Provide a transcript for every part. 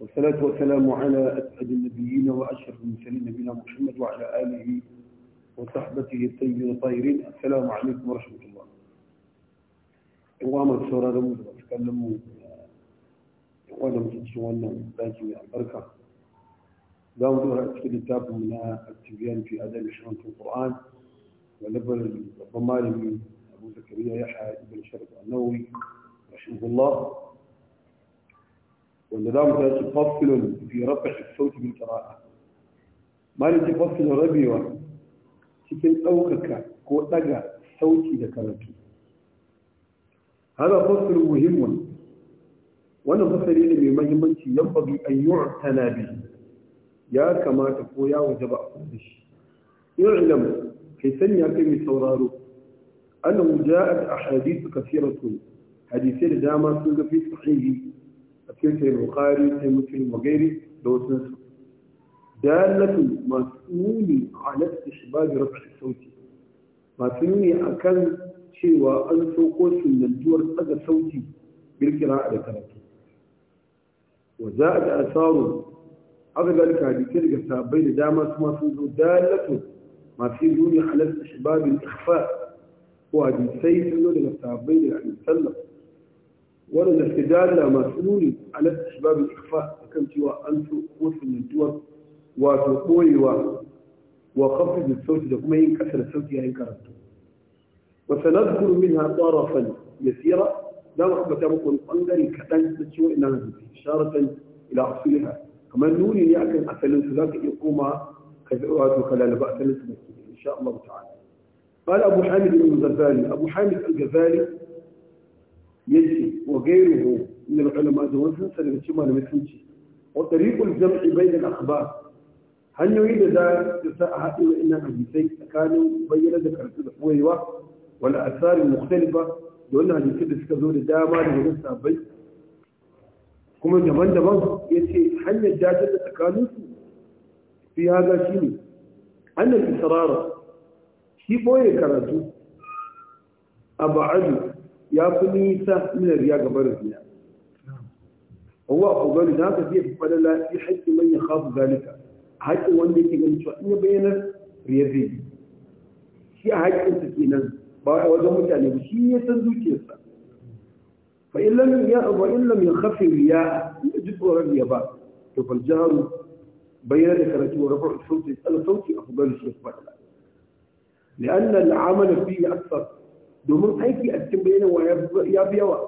والصلاة والسلام على أسعد النبيين وأشهر المرسلين نبينا محمد وعلى آله وصحبته الطيبين الطاهرين السلام عليكم ورحمة الله إقوام السورة لم تتكلموا إقوانا متشوانا لازم البركة داود رأيت في الكتاب من التبيان في أداء شرط القرآن ولبل من أبو زكريا يحيى بن شرف النووي رحمه الله وان ده متاسي فصل في رفع الصوت بالقراءة ما لدي فصل ربي وان تكن اوكك كو اجا صوتي ده كاركي هذا فصل مهم وأنا فصل يلي بمهم ينبغي ان يعتنى به يا كما تقول يا وجب اقودش اعلم في سنة كم يتورارو أنه جاءت أحاديث كثيرة حديثين داما سنة في صحيحي cikin sai bukari sai muslim gairi da wasu su dalatu masu nuni a nafsi shibabi rafi sauti masu nuni a kan cewa an sauko sunantuwar tsaga sauti birkira a da karatu wa za a da asaru haka zalika hadisai daga sabai da dama su masu zo dalatu masu nuni a nafsi shibabi ikhfa ko hadisai sun zo daga sabai da alisallam waɗanda suka dala masu nuni a na shababin ikfa a kan cewa an so wasu mintuwar wato ɓoyewa wa kafin da sauti da kuma yin ƙasa da sauti yayin karatu wasu na zukuru min ha tsarafan ya tsira za mu ambata muku wani ɓangare kaɗan na cewa ina na sharatan ila asuliha kamar nuni ne akan asalinsu za ka iya koma ka wato ka lalaba asalinsu da ke insha Allah ta'ala قال أبو حامد بن الغزالي أبو حامد الغزالي yace wa gairuhu inda ulama da wasu sa daga cikin malamai sun ce wa tariqul jam'i bainal akhbar hanyoyi da za su sa a haɗe wa'annan hadisai tsakanin bayyana da karatu da koyewa wal asari mukhtalifa da wannan da suka zo da dama da wajen sabai kuma daban-daban ya ce hanyar dajar da tsakaninsu fi haga shi ne annan isarara shi ɓoye karatu a ya fi nisa min riya ga barin riya huwa afdalu da haka zai fada la fi haqqi man yakhafu zalika haqqi wanda yake ganin cewa in ya bayyana riya zai shi a haƙƙin sa kenan ba a wajen mutane ba shi ya san zuciyarsa fa in lam ya wa in lam yakhaf riya in ji tsoron riya ba to fal jaharu bayyana da karatu wa rafa sauti al sauti afdalu shi fada لأن العمل فيه أكثر domin aiki a cikin bayanan bayanarwa ya fi yawa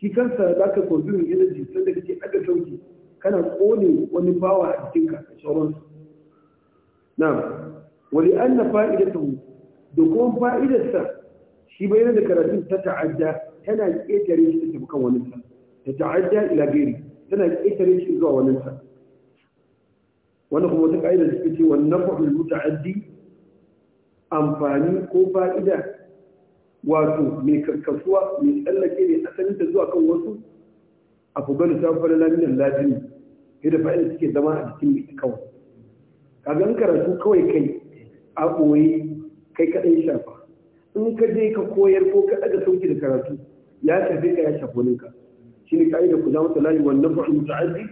shi kansa za ka consuming energy sanda kake ɗaga sauki kana kone wani bawa a jikinka da sauransu na'am wali anna fa'idatahu da kuma fa'idarsa shi bayanan da karatun ta ta'adda tana ƙetare shi ta tafi kan wani sa ta ta'adda ila gairi tana ƙetare shi zuwa wani sa wanda kuma wata ka'idar suke ce wannan fa'ul muta'addi amfani ko fa'ida wato mai karkasuwa mai tsallake ne ta zuwa kan wasu afugan safarar laminan lajini yadda fa'in suke zama a jikin mai kawai kagan karatu kawai kai a ɓoye kai kaɗan shafa in ka je ka koyar ko ka ɗaga sauki da karatu ya shafe ka ya shafi wani ka shi ne ka'ida ku zama talani wannan ba'in muta'addi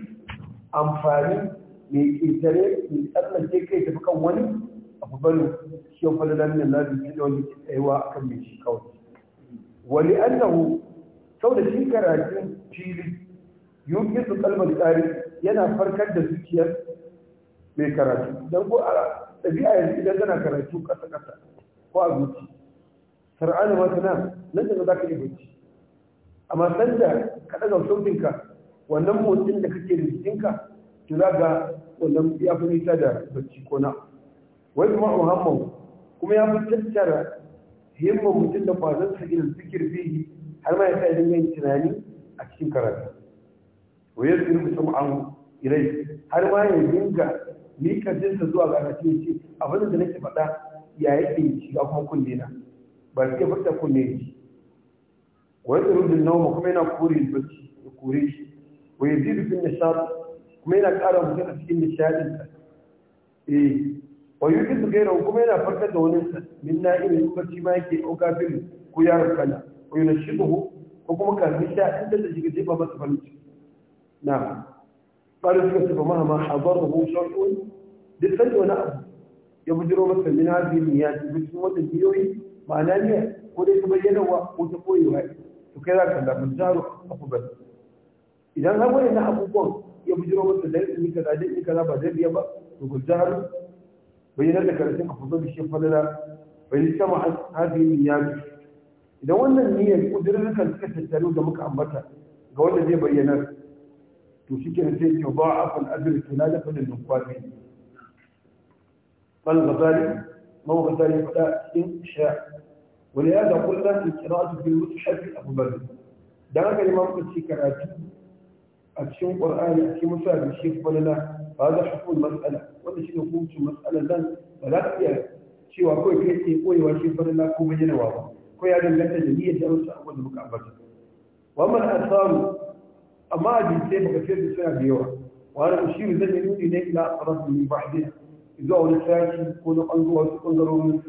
amfani mai ƙetare mai tsallake kai tafi kan wani أفضل شيء فلنا من الله بالسلوى أيوة كم من شيء كون ولأنه سوى شيء كراجين شيء يمكن kalmar tsari yana farkar da zuciyar mai karatu don ko a ɗabi'a yanzu idan tana karatu ƙasa-ƙasa ko a zuci sar'ana wata nan nan da za ka yi bacci amma sanda ka ɗaga sautinka wannan motsin da kake da jikinka to za ga wannan ya fi nisa da bacci ko na wani hamman kuma ya fi tattara himma mutum da kwazon sa irin fikir fihi har ma ya sa idan yin tunani a cikin karatu wayar su rubuta ma'an irai har ma ya dinga miƙa jinsa zuwa ga karatu ya ce abin da nake faɗa ya yi shi shiga kuma kunne na ba su ke fata kunne ya ci wayar su rubuta nauma kuma yana kore da ya kore shi wayar zirufin nishaɗi kuma yana ƙara mutum a cikin nishaɗinsa eh wa yuki su gaira kuma yana farkar da wani sa min na'imi kuma bacci ma yake o kafin ko ya rukana ko yana shi ko kuma karbi sha in da shiga ba masa farin ciki na ƙarin suka suka ma hazar da hun shar'un duk da wani abu ya bujiro masa min bi ya ci bikin wata biyoyi ma'ana ne ko dai bayyana wa ko ta wa to kai za ka mun jaro abu ba idan har wani na abubuwan ya bujiro masa da ni kaza da ni kaza ba zai biya ba to guljaru بين لك لكن أفضل الشيء فلا فلسما هذه النيات إذا وانا النية قدر لك أن تكسر تلو دمك أمتها قولنا أن بيانات توشيك نسيت يضاعف الأجر كنادة للنقوات قال الغزالي ما هو غزالي فلا إن شاء ولهذا قلنا القراءة في المصحف أفضل دعاك الإمام قدسي كراتي أتشم قرآن أتشم فلا بشيخ فلا هذا حكم المسألة wanda shi ne hukuncin matsalar nan ba za su iya cewa kawai kai tsaye koyewa shi farin la ko bayyanawa ba ko ya danganta da niyyar da wasu abubuwan da muka ambata wa man asamu amma a jinsai maka fiye da suna da yawa wa ana ushiru zan yi nuni ne ila tsarafin min ba'adin zuwa wani sashi ko na ɓangaro wasu ɓangarorin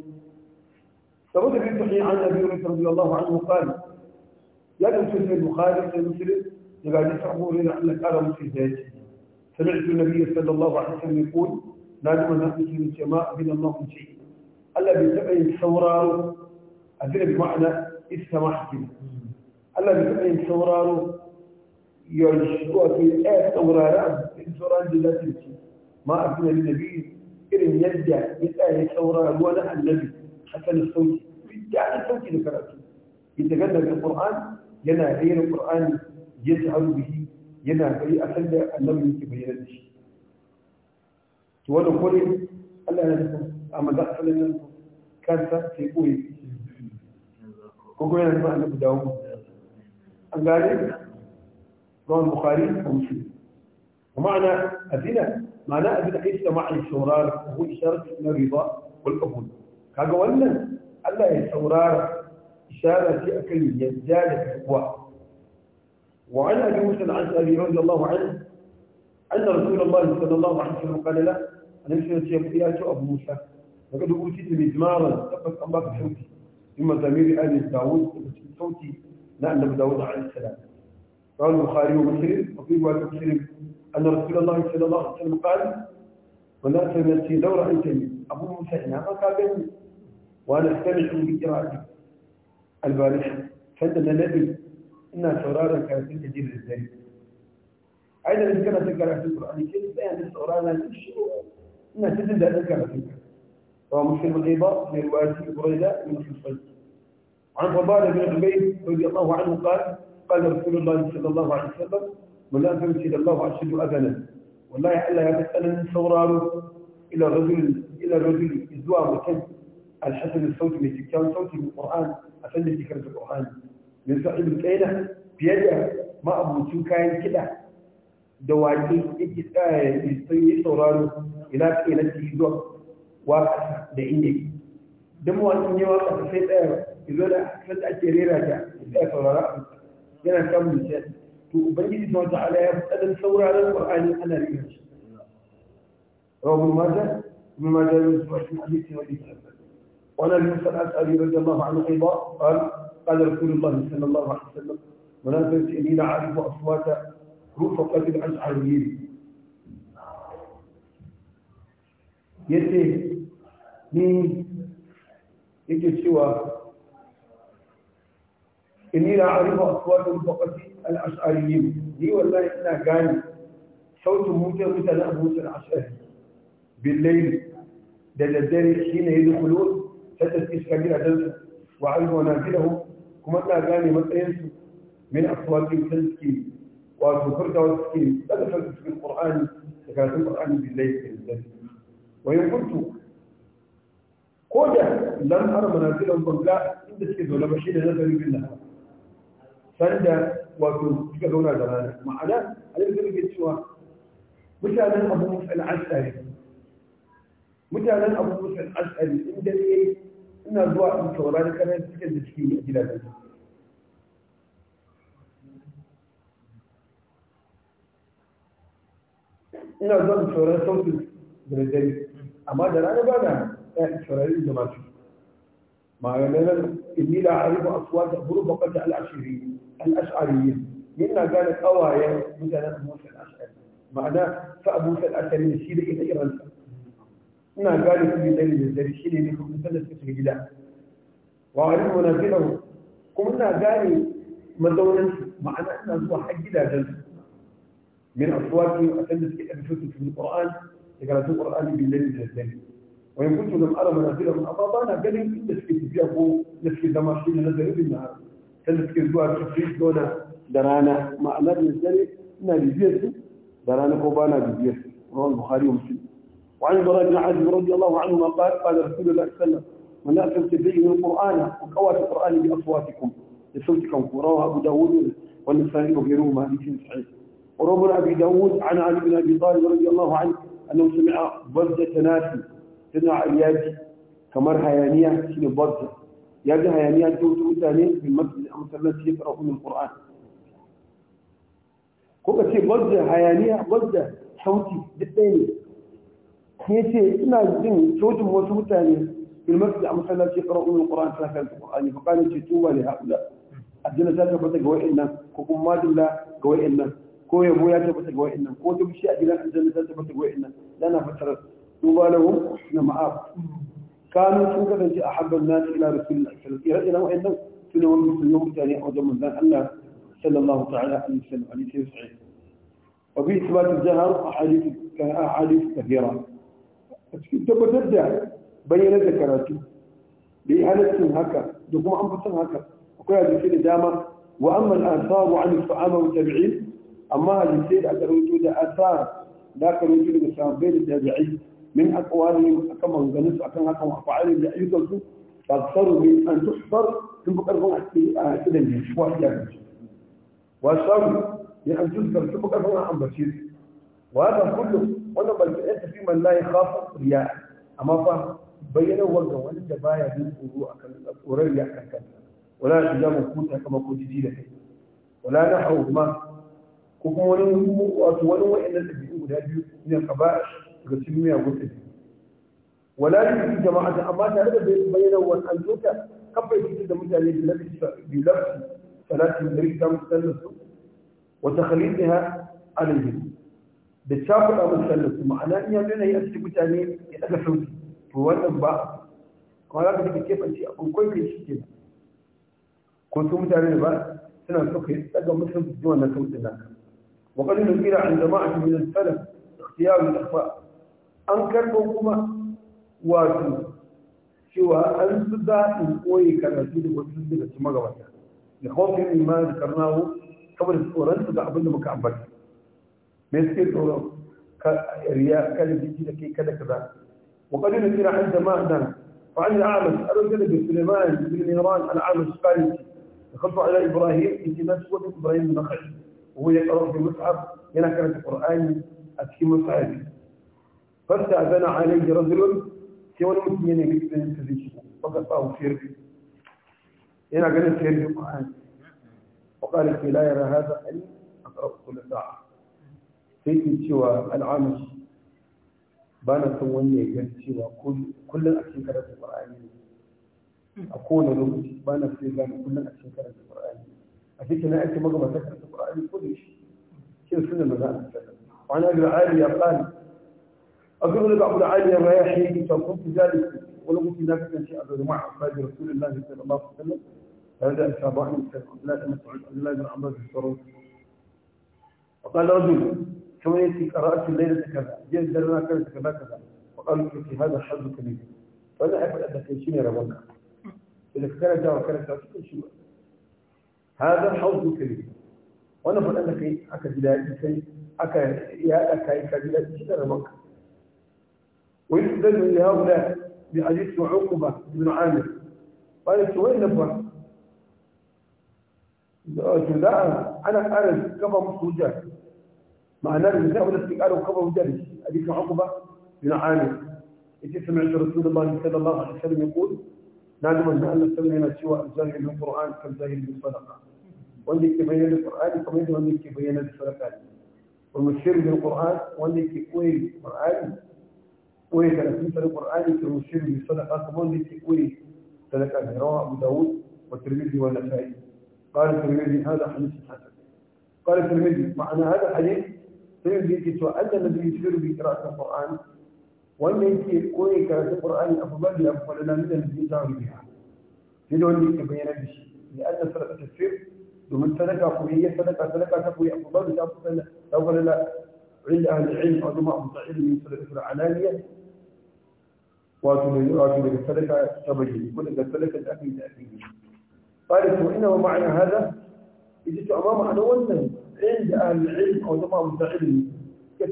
ثبت في الصحيح عن ابي هريره رضي الله عنه قال يدعو في البخاري في مسلم لبعد صحبه لنا ان قال مسلم ذاتي سمعت النبي صلى الله عليه وسلم يقول لا دون نفسك من سماء من الله شيء ألا بسبعين سوراره أدري بمعنى السماح كده ألا في الايه يعجبك لا سوراره سوران دلاتي ما أبنى للنبي ان يدع بالايه سوراره ولا النبي حسن الصوت يدع الصوت لكراته يتكلم بالقرآن ينا غير القرآن يجعل به yana kai a san da annabi yake bayyana da shi to wannan kore Allah ya san amma da sanin kansa sai koyi ko kuma yana annabi dawo an gane رواه البخاري ومسلم ومعنى أذنة معنى أذنة ليس معنى الشورار وهو إشارة إلى الرضا والقبول كاقا ولا ألا يشورار إشارة أكل يزداد التقوى وعن أبي موسى ابي رضي الله عنه أن رسول الله صلى الله عليه وسلم قال له أنا مش يا أبو موسى لقد أوتيت مزمارا تقف أمامك صوتي إما زميل آل داوود صوتي لأن داوود عليه السلام قال البخاري ومسلم وفي رواية مسلم أن رسول الله صلى الله عليه وسلم قال ولا تنسي لو رأيتني أبو موسى هنا ما قابلني وأنا أستمع بقراءتي البارحة فإن النبي ina sauraron karatun ta jirin dare ai da kana ta karatun qur'ani ke tsaya da sauraron ta shi ina ta jin daɗin karatun ka wa muslim al-ibar min riwayat burayda min عن فضالة بن عبيد رضي الله عنه قال قال رسول الله صلى الله عليه وسلم من لا تمشي الله أشد أذنا والله ألا يتسألني سوراره إلى رجل إلى رجل إزواء مكان الحسن الصوتي من تكتان صوتي من القرآن أفندي تكرة القرآن min sa'il qaina fiye da ma'abucin kayan kiɗa da waƙe yake tsaye sai sauraro ila kaina ci zuwa waka da inda don mawaƙin ya waka sai tsaya izo da sanda ake rera ta tsaya saurara yana samun nishaɗi to ubangiji na wata ala ya tsadan sauraron ƙwar'ani ana rera shi rawabin mata ابن ماجه بن سعيد حديث وليس وانا بن مسعود الاشعري رضي الله عنه ايضا قال قال رسول الله صلى الله عليه وسلم ونزلت اني لا اعرف أصوات روح قتل أشعريين يتي مين يتي إني لا أعرف أصوات رفقة الأشعريين لي والله إنا قال صوت موسى مثل موسى العشاء بالليل دل الدار حين يدخلون ستة إسكابين عدد وعلموا نازلهم kuma ina gane matsayinsu min aswaƙin da suke wato furtawa suke daga sarki cikin ƙur'ani da karatun ƙur'ani billahi da lillahi wa yin kuntu ko da lan ara manazilan banga inda suke zaune ba shi da nazari bin da sanda wato suka zauna da rana ma'ana a yanzu muke cewa mutanen abu musa al'asari mutanen abu musa al'asari inda ne ina zuwa in saurari kanan cikin da suke yi a gidajen ina zuwa in saurari sautin da dare amma da rana ba na ya in saurari da masu malamai nan inni da arifu aswa da buru bakata al'ashiri al'ashariyin yana gane kawayen mutanen musul ashari ma'ana sa abu sal ashari shi da ita iransa ina gane su dare da dare shi ne ne kuma sallar su shiga gida wa alim munafiqahu kuma ina gane mazaunan su ma'ana ina zuwa har gidajen su min aswati a san da suke da fitu cikin qur'an da karatu qur'ani bil dare da dare wa in kuntu lam ara munafiqahum amma ba na ganin inda suke tafiya ko da suke zama shi ne nazari bin nahar sai suke zuwa cikin gona da rana ma'ana da dare ina bibiyar su da rana ko ba na bibiyar su rawan bukhari wa muslim وعن الله بن عازب رضي الله عنهما قال قال رسول الله صلى الله عليه وسلم من لا تبين القرآن وقوات القرآن بأصواتكم لصوتكم رواه أبو داود والنسائي وغيرهما شيء صحيح وروى أبي داود عن علي بن أبي طالب رضي الله عنه أنه سمع برزة ناس سمع الياج كمر هيانية شنو برزة ياج هيانية توت متاني في المسجد أو مثلا يقرأون القرآن كوكا برزة هيانية برزة صوتي بالثاني ya ce ina jin cocin wasu mutane ilmar da masallaci ƙar'unin ƙura'an ta karanta ƙura'ani ba kanin ce tuba ne haɗula aljanna ta tabbata ga wa'in nan ko kuma madalla ga wa'in nan ko yabo ya ta tabbata ga wa'in nan ko ta shi a gidan aljanna ta tabbata ga wa'in nan yana fatar tuba lahu na ma'ab kanu sun kasance a habban nasu ila rasulullah sallallahu alaihi wasallam wa'in nan sune wani musulmi mutane a wajen manzon Allah sallallahu ta'ala alaihi wasallam alaihi wasallam وفي إثبات الجهر أحاديث كثيرة a cikin tabbatar da bayyanar da karatu da halaccin haka da kuma an fi haka akwai hadisi da dama wa amman asaru an sahaba wa tabi'in amma hadisi da aka rubuto da asar da aka rubuto daga sahabbai da tabi'i min aqwalihim akan manganin su akan hakan wa fa'alin da ayyukan su فاضطروا من أن تحضر ثم قرروا إلى الجيش وإلى واضطروا لأن تذكر ثم قرروا عن بشير وهذا كله wannan bal bid'a fi man la yakhafu riya amma fa bayyana wannan wanda baya jin tsoro akan tsoron riya akan kansa wala tijamu kuta kama ko jiji da kai wala nahu ma ko kuma wani wato wani wa'annan tabi'u guda biyu ne kaba ga cikin miya gudu wala yi jama'a amma tare da bayyana wannan zuka kafa yi da mutane da lafi bi lafi salatin da rikta musallansu wa takhalidiha alayhi da cakuɗa musallar su ma'ana in yanzu na yi a cikin mutane ya ɗaga sauki to wannan ba kuma za ka daga kefance a ɓunkwai kai shi ke ko su mutane da ba suna so ka yi ɗaga musulun su ji wannan sautin naka وقد نذكر عن جماعة من السلف اختيار الأخفاء أنكركم كما واتوا سوى أن تدعوا قوي كرسول وتنزل كما غواتا لخوف مما ذكرناه قبل الصورة تدعوا بنا مكعبك me suke tsoro riya kada jiki da kai kada kaza wa qad nusira an jama'a dan fa an al-a'mas arjala bi sulaiman bin niran al-a'mas qali dakhaltu ala ibrahim intinas wa ibrahim nakhal وهو يقرأ في المصحف ينكر القرآن أتكي مصحف فاستأذن عليه رجل سوى المسلمين يكتب ينتزيشه فقطعه في رجل هنا قال سير القرآن وقال لي لا يرى هذا إلا أقرأ كل ساعة sai ke cewa al'amish ba na son wanda ya gan cewa kullum a cikin karanta ƙwararri ne a kowane lokaci ba na sai gane kullum a cikin karanta ƙwararri a cikin na aiki magabata karanta ƙwararri ko da shi shi su da maza a cikin وعن أبي العالي قال أقول لك أبو العالي الرياحي فكنت جالس ولقيت ذاك الشيء أبو جماعة أصحاب رسول الله صلى الله عليه وسلم هذا أصحاب أحمد بن عبد الله بن مسعود عبد الله بن عمرو بن فقال رجل كما يأتي قراءة الليلة كذا جاء لنا كذا كذا كذا وقال في هذا الحظ كبير فأنا أقول أنك يرى ربنا إذا كان جاء وكان جاء هذا الحظ كبير وأنا أقول أنك أكد لا إنسان أكا يا أكا أكد لا يرى ربك ويستدل لهؤلاء بحديث عقبة بن عامر قال وين نبغى لا أنا ارد كما مصوجات معناه النساء ولا استقال وكبر ودرج هذيك عقبة بن عامر انت سمعت رسول الله صلى الله عليه وسلم يقول نادما أن الله من القران الزاهر بالقرآن كالزاهر الصدقة وأنك تبين القرآن كما يجب أنك تبين الصدقات والمشير بالقرآن وأنك كوي القرآن كوي ثلاثين القرآن كالمشير بالصدقة كما أنك كوي صدقات رواه أبو داود والترمذي والنسائي قال الترمذي هذا حديث حسن قال الترمذي معنى هذا حديث sai da yake cewa Allah na zai shiru bi qira'atul Qur'an wanda yake koyi karatun Qur'ani abu ba da abu da nan da zai zawo biya sai da wanda yake bayyana da shi ya Allah sarrafa tafsir domin sadaka ko yayin sadaka sadaka ta koyi abu ba da abu da abu da عند أهل العلم أو جماعة متعلمين في العلانية واتوا واتوا للسلكة تبجي كل السلكة تأتي تأتي قالت وإنما معنى هذا إذا أمام أنا وزن عند أهل العلم أو جماعة متعلم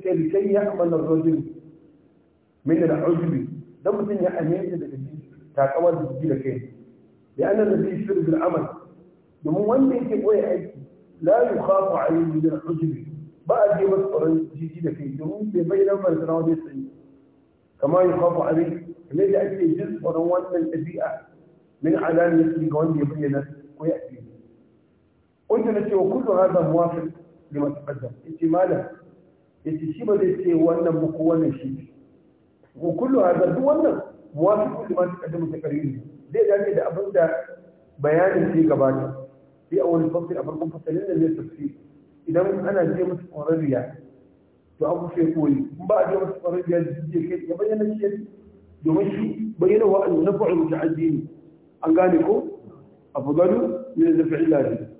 كي يأمن الرجل من العجب لم يكن يأمن تاكوان الجيل كين لأن الذي يشعر بالعمل ومن يكون ويعيك لا يخاف عليه من العجب بعد يمسر الجيل كين يوم بين فرزناه يسعي كما يخاف عليه الذي أكي جزء ونوان من الأبيئة من علامة يكون يبينه ويأتي وانت نتيه وكل هذا موافق لما تقدم انت ماله انت شيء بدي تيه وانا مقوانا شيء وكل هذا دو وانا موافق لما تقدم تقريبا ليه لاني ده ابن ده بيان في قبالي في اول الفصل ابن مفصل لنا اللي تفصيل اذا من انا جي مستقرية تو ابو في قولي مبا جي مستقرية جي كيف يبين الشيء يمشي بينه وأن نفع المتعدين أنقالكم أفضل من نفع الله جديد.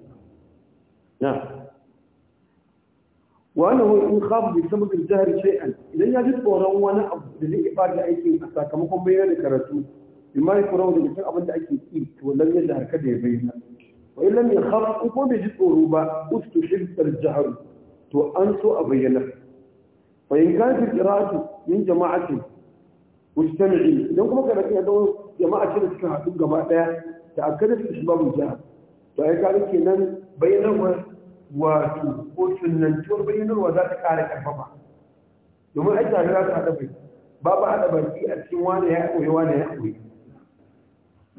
Wa nahun in kafa mai sama da jihar Che'an, idan ya ji ranar wani abu da zai iya da aikin a sakamakon bayanan karatu, Ibrahim Faruwar da ta san abin da a ke yi, to wanan yadda har kada ya bayana. Ba ina ne kawai kuma kuma bai jubɓo ba a wasu tushen jihar? To an so a bayana. Ba in gane kiratu min jama'a ce, wuce ta idan kuma karatu ya dawo jama'a ce da cikin haɗu gabaɗaya, da aka gani su a wato ko sunantuwar bayyanarwa za ta ƙara ƙarfafa domin ai tare za su haɗa bai ba ba haɗa baki a cikin wani ya koyi wani ya koyi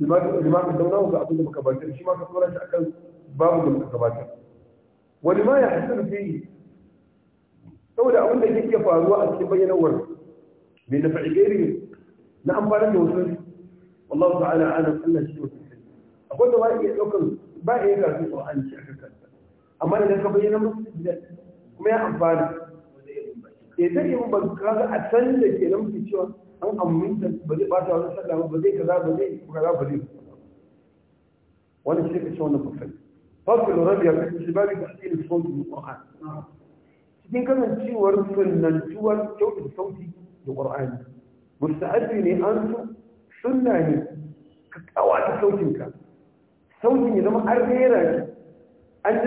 limamin dauna ga abin da muka batar shi ma ka tsoron shi akan babu da muka gabatar wani ma ya hasar fi saboda abin da yake faruwa a cikin bayyanarwar mai na fa'igeri na amfanin da wasu wallahu ta'ala ana Allah shi wasu akwai da ba iya ɗaukar ba iya karfi ko an a aka amma idan ka bayyana musu kuma ya amfana ya zai yi ba kaga a san da ke nan muke cewa an aminta ba zai bata wani sallah ba zai kaza ba zai kaza ba zai wani shi ka ce wannan bafai fasil rabiya ka ce babu tahsil sauti min qur'an cikin kasancewar sunnantuwar kyautar sauti da qur'ani musta'addi ne an su sunna ne ka kawata sautinka sautin ya zama an rera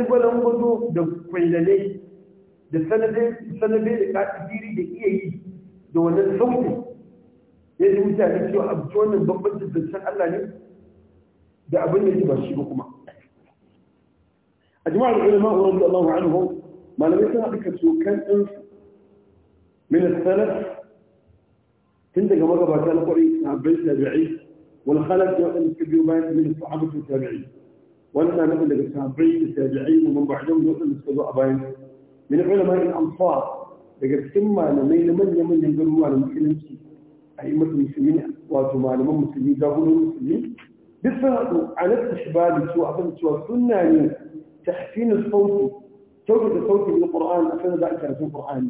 ƙalubalen gwado da kwallale da sanabe da katibiri da iya yi da wannan sautin ya yi mutane cewa abu wannan babban zancen Allah ne da abin da ya ba shi ba kuma a jima'ar ulama wa rabbi Allahu anhu malamai sun haɗu kaso kan ɗin min salaf tun daga magabata na kwarai sahabbai tabi'i wal khalaf da wadanda suka biyo bayan min sahabbai tabi'i وأنا من السابعين السابعين ومن بعدهم وصل الصدوء أبين من علماء الأنصار لقد سمى لمين من يمن ينقلوا على مسلم أي مثل مسلمين واتوا معلمة مسلمين جاهلوا مسلمين بفرق على الشباب سواء أبن سواء سنة تحسين الصوت توجد الصوت من القرآن أفنى ذلك على سنة القرآن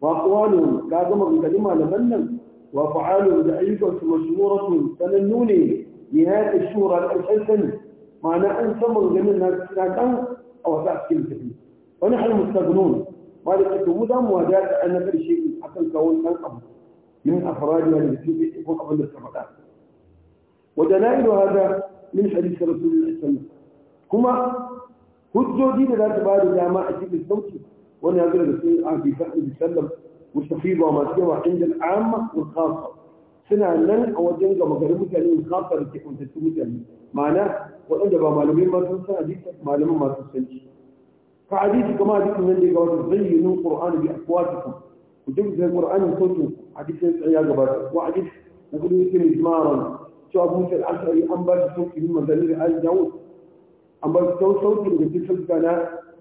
وأقواله قادم بكلمة لمن وأفعاله دعيفة مشهورة فلنوني نهاية الشورى الأشهر سنة معنى أن صبر جميع الناس كان أو سأس كلمة فيه ونحن مستغنون ما لكتبه دم وجاءت أن كل شيء حتى الكون كان قبل من أفراد الذين يكون قبل السبقات ودلائل هذا من حديث رسول الله صلى الله عليه وسلم كما هدو جديد لا تبعد جامعة جيب الصوت ونهضر رسول الله صلى الله عليه وسلم مستفيد وما سوى عند العامة والخاصة suna nan a wajen gama garin mutane kafar ke kuntattu mutane ma'ana waɗanda ba malamai masu san hadisi malaman masu sanci ka hadisi kama hadisi nan da ya gabata zayyinin qur'ani bi aqwatikum ku duk da qur'ani sautin hadisin sai ya gabata wa hadisi na kudu yake mizmaran cewa abu musa al-ashari an ba shi sautin min magana da al dawud an ba shi sautin da cikin sautuka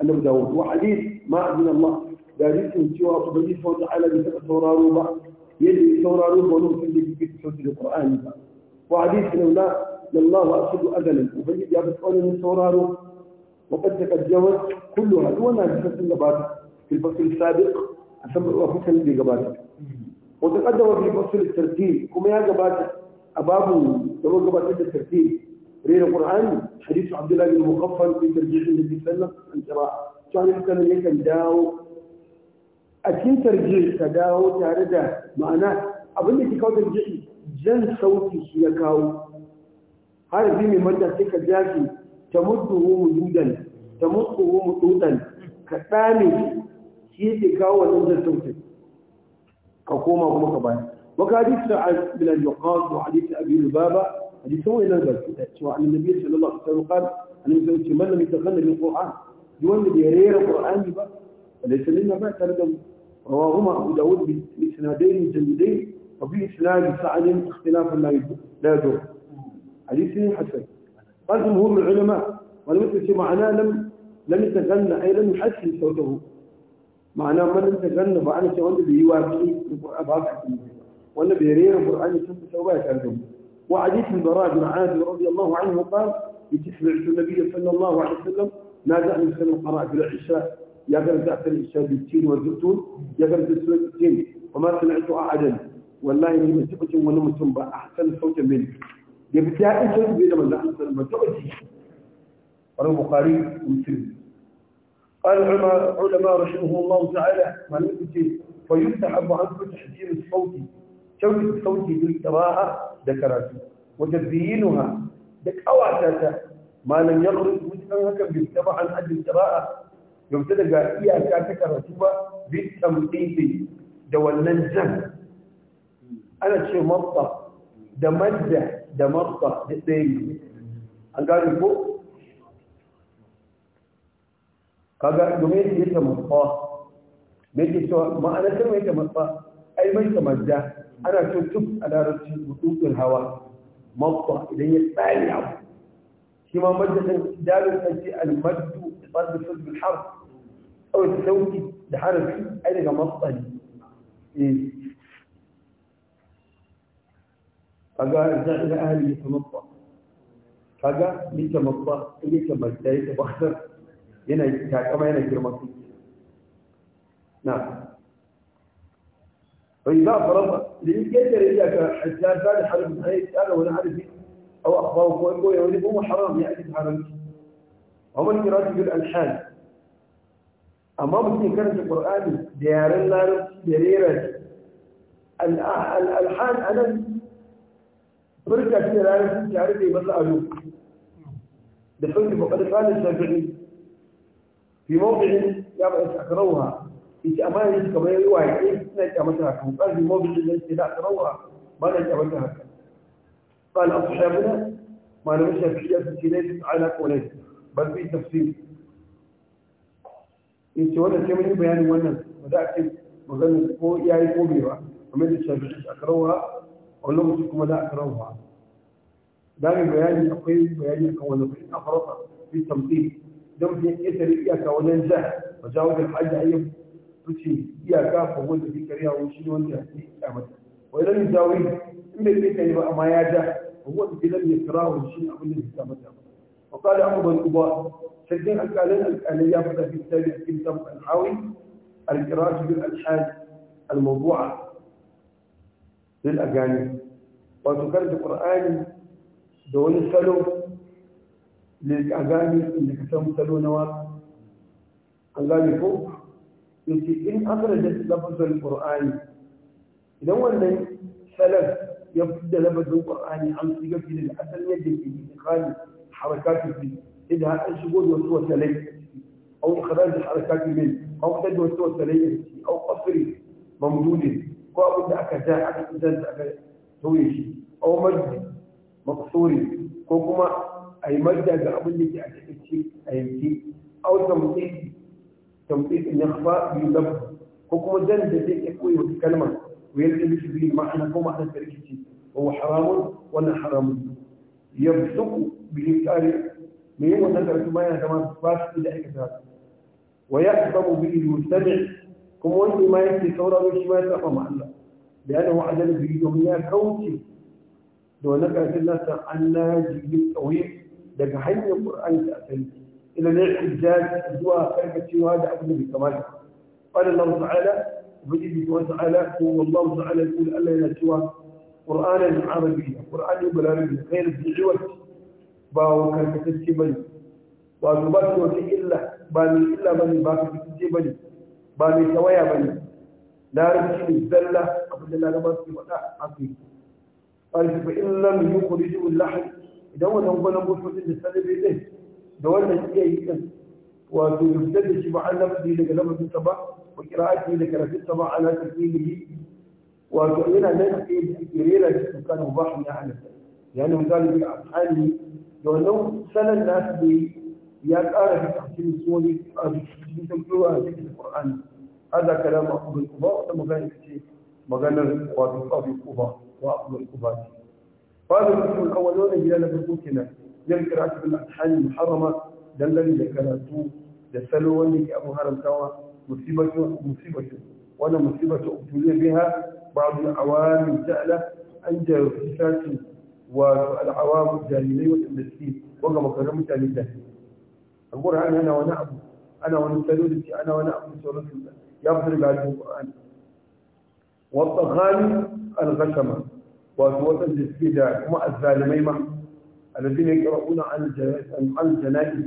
annabi dawud wa hadisi ma abin allah da hadisin cewa ubangiji sautin ala bai taɓa sauraro ba يلي سورارو بولو في اللي في صوت القرآن وحديث لولا لله أشد أذلا وبيجي أبو سؤال من سورارو وقد تتجاوز كلها دون أن تفصل في الفصل السابق أسمى وفصل اللي قبلها وتقدم في فصل الترتيب كما يا قبلها أبابه لو قبلت الترتيب رين القرآن حديث عبد الله بن مقفل في ترجيح النبي صلى الله عليه وسلم عن قراءة كان يمكن أن يكون داو a cikin tarje ka dawo tare da ma'ana abin da ke kawo tarje jan sauti shi ya kawo harafi mai manta sai ka ja shi ta mutu mu dudan ta mutu mu dudan ka ɗane shi yake kawo wannan jan sautin ka koma kuma ka bayan وكحديث سعد بن الوقاص وحديث أبي لبابة حديثه إلى البس وعن النبي صلى الله عليه وسلم قال أن من لم يتغنى wanda يوان rera القرآن ba? وليس لنا ما ترجم رواهما أبو داود بإسنادين جيدين وفي إسناد سعد اختلاف لا يدور حديث حسن قال جمهور العلماء والمثل معناه لم لم يتغنى أي لم يحسن صوته معناه ما لم يتغنى فأنا سوى اللي يواجهني أبغى أحسن وأنا بيرير القرآن كنت سوى يترجم وحديث البراء بن عازب رضي الله عنه قال سمعت النبي صلى الله عليه وسلم ما دعني سنة قراءة العشاء يا قلت أحسن الإشهاد التين والزبتون يا قلت السورة التين وما سمعت أحدا والله إني مسكت ونمت أحسن صوتا منك يا بتاعي شيء بين من أحسن ما تؤتي رواه البخاري ومسلم قال العلماء رحمه الله تعالى ما نكتب فيستحب عنه تحسين الصوت شوية الصوت بالقراءة ذكرته وتبيينها او أوعتاتا ما لم يخرج مثلا هكذا بالتبع عن أجل القراءة yau ta daga iyaka ta karatu ba bi tamɗiɗi da wannan jan ana ce mafta da madda da mafta da tsaye an gane ko kaga domin ya ta mafta me ke cewa ma'ana ta mai ta mafta ai mai ta madda ana ce tuk a larabci mutukun hawa mafta idan ya tsari abu shi ma madda ɗin dalin ɗan ce almaddu da tsarki fulbin harfi أو التسوي ده حرفي أنا مصدر إيه فقال زعل أهلي يتمطى فقال يتمطى يتمطى يتبخر هنا كما هنا جرمتي نعم فإذا فرضا لأن كثير إذا كان فعل حرم الحيث أنا وأنا عارف أو أخبار وقوة يقول هم يعني حرام يعني حرام هم يقول الحال amma mutum karanta qur'ani da yaren larabci da rera al'alhan anan furta shi da larabci tare da masa ado da sauki faɗaɗa kalin shafi'i fi mawuƙin ya ba isa akarauha ita amma yanzu kamar yi waƙe suna kyamata haka mutsar fi mawuƙin da ke da akarauha ba na kyamata haka قال أصحابنا ما نمشى في جاسة ليس على قولين بل في تفسير in ce wannan sai mun bayanin wannan ba za a ce maganin ko ya yi ko bai ba kamar da shafi a karawa a lokaci kuma za a karawa da ne bayani akwai bayani akan wani bai a farofa fi tamti don fi ita da iyaka wajen ja ba za jawo da hajji a yin fice iyaka ba wanda fi kariya wani shi wanda ya fi iya mata wai yi jawo in bai kai ba amma ya ja ko wanda fi lamin ya kira wani shi abin da ya fi mata ba وقال عمر بن الكبار سجين الكالين الكالية بدأ في التالي كمتم الحاوي الكراج بالألحاد الموضوعة للأجانب وتكرد القرآن دون سلو للأجانب اللي كتبوا سلو نواق أجانب فوق يتي إن أخرجت لفظ القرآن إذا هو سلف يبدأ لفظ القرآن عن صيغة للأسل يجب في خالد حركات الدين إذا الشبود والسوى سليم أو إخراج الحركات منه أو تد والسوى سليم أو قصر ممدود أو أبدا أكزاء أكزاء أكزاء أو مجد مقصور كوكما أي مجد أبدا لك أكزاء أي أيمتي أو تمطيط تمطيط النخفاء بيضب كوكما جند ذلك يكوي وتكلمه ويلتمس به معنى كوما أنا تركتي هو حرام ولا حرام يبسط بالإسئلة من يوم ما المائنة كمان فاش إلا إيكا سهل به المستمع كم وإنه ما يكفي صورة ويش ما يترقى مع الله لأنه عدل في دمياء كوتي دو نجرة الناس عنا جيب قوي لك حين القرآن تأثن إلى نعي الجاد الدواء فرقة هذا أبو نبي كمان قال الله تعالى وجد الله تعالى هو الله تعالى يقول ألا ينسوا قرآن العربية قرآن يبلغ غير في عوج ba karkatacce ba ne wato ba shi wata illa ba mai illa ba ne ba karkatacce ba ne ba mai tawaya ba ne larabci ne zalla abinda laraba su faɗa a kai ƙarfi fa in lam yi kuri jiwon lahar idan wannan gwanon bututun da sanabe ɗin da wannan iya yi ɗin wato yubdar da shi ba an lafazi daga lafazinsa ba wa kira'ati da karafinsa ba ana tafiye wato yana nan a tsaye da ake rera da tukanin ba ya halatta يعني من ذلك أفعالي da wannan sanar nasu ne ya ƙara da tafsirin suwani a cikin sauƙiwa a cikin ƙur'ani هذا كلام أقوم بالقضاء وتم ذلك شيء مغنى وبقى بالقضاء وأقوم بالقضاء فهذا القسم الأول لا جلال بالقوتنا يذكر عتب الألحان المحرمة دلل ذكراته دسلوا لك أبو هرم سوا مصيبة مصيبة وأنا مصيبة ابتلي بها بعض العوامل سألة أنت ارتفاع والعوام الجاهلي والمسكين وقام كلام مثالي ده القرآن أنا ونعبد أنا ونسلولتي أنا ونعبد الله يضرب بعد القرآن والطغاني الغشمة وسوة الاستبداع هم الظالمين الذين يقرؤون عن الجنائز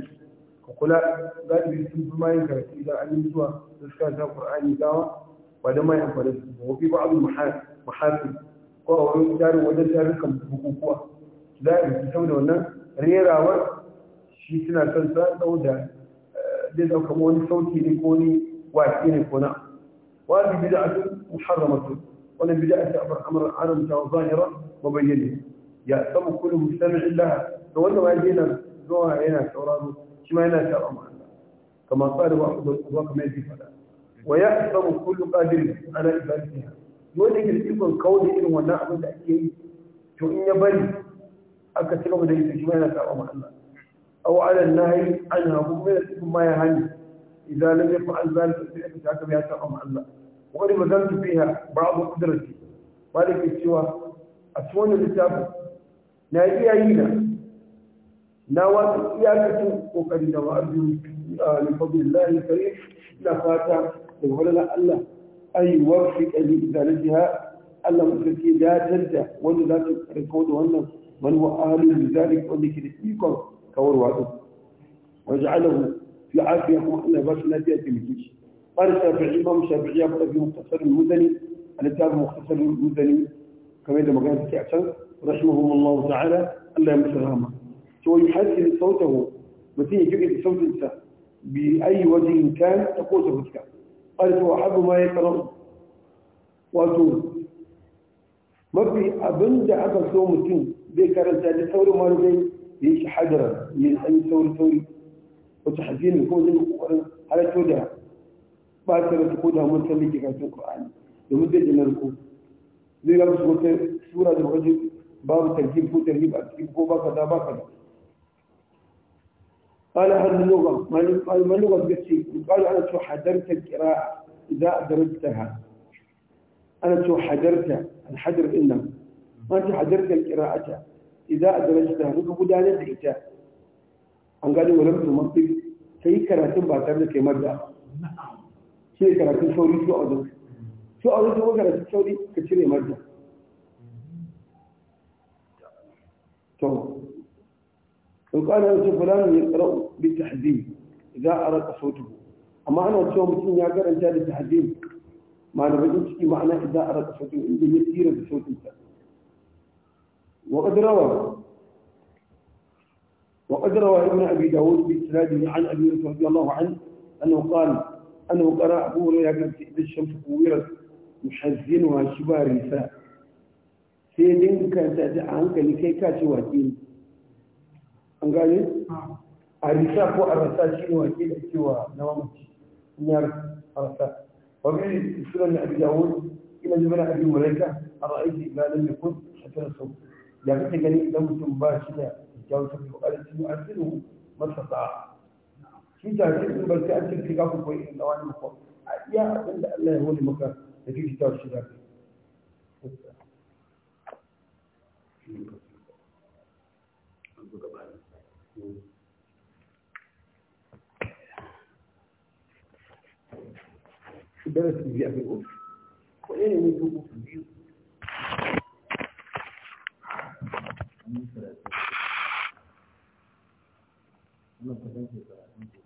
وقلاء قال بيسم ما ينكر إذا علمتها تذكرتها القرآن يداوى وهذا ما ينفرد وفي بعض المحاسن ko a wurin tarin wajen tarukan bukukuwa za a yi saboda wannan rerawar shi suna son sa saboda zai dauka wani sauti ne ko ni waƙi ne ko na wani bida'atu muharramatu wani bida'atu amr aram ta zahira wa bayyana ya sabu kullu mustami'in laha to wanda ma yana zuwa yana sauraro shi ma yana saba ma Allah kama qala ba'd al-qurra kama yake fada wa yahsabu kullu qadirin ala ibadatihi wanda yake da ikon kawo da irin wannan abin da ake yi to in ya bari aka ci gaba da yi shi ma yana saba ma Allah aw ala nahi an habu mai ikon ma ya hani idan lam yafa'al zalika sai aka saka ya saba ma Allah wa qad bazantu fiha ba'd qudrati malike cewa a cikin wannan littafin na iya yi na na wasu iyakacin kokari da ma'arzu a lufabin lahi kare na fata da wahala Allah أن يوفق لإزالتها الله التي لا تلد ولا لا تكون وأن من هو أهل لذلك وأن كريسيكم كور وعدو واجعله في عافية وأن بس لا تأتي قال الشافعي إمام الشافعي يقرأ في مختصر المدني الكتاب مختصر المدني كما إذا ما كانت كعشان رحمهم الله تعالى ألا يمسرهما سوى يحسن صوته وتيجي صوت الإنسان بأي وجه كان تقول صوتك ƙarfi wa haɗu ma ya ƙarar wato mafi abin da aka so mutum zai karanta da saurin ma da yake hajjara hadara ne an saurin sauri wata hajjini ko zai kokarin halatto da ba ta rasu ko damar sallin ke karatun ƙwa'ani domin zai jinar ko zai rabu su wata sura da wajen babu tarjib ko tarjib a cikin ko ba ka da ba ka da قال هل اللغة قال ما اللغة قتي قال أنا حدرت القراءة إذا أدركتها أنا حدرت الحدر إنه ما حدرت القراءة إذا أدركتها نك بدانا دعيتها أن قالوا ولم تمطل سي كراتين باتر لك مرة سي كراتين سوري شو أدرك شو أدرك هو كراتين سوري كتير مرة تو وقال أنا فلان يقرأ بالتحذيب إذا أراد صوته أما أنا أتشوه مثل يقرأ أنت بالتحذيب معنى بدون شيء معنى إذا أراد صوته إن يسير بصوت إنسان وقد روى وقد روى ابن أبي داود بإسناده عن أبي رضي الله عنه أنه قال أنه قرأ أبو هريرة إذا الشمس كورت محزنها شبه الرساء سيدين كانت عنك لكي كاتوا دين an gane ah. a risa ko a rasa shi ne wake da cewa na mamaci in ya rasa wani sunan na abu yawon ina ji mana abin malaika a ra'aiki na nan da kun shafin sau ya kake gani idan mutum ba shi da kyawun sa ko arziki a cikin masa sa'a shi ta ce in ba an cikin ka ko koyi da wani mako a iya abin da Allah ya hori maka da kike ta shi da Thank you. darasi biyu a kan ofis ko ne ne dubu biyu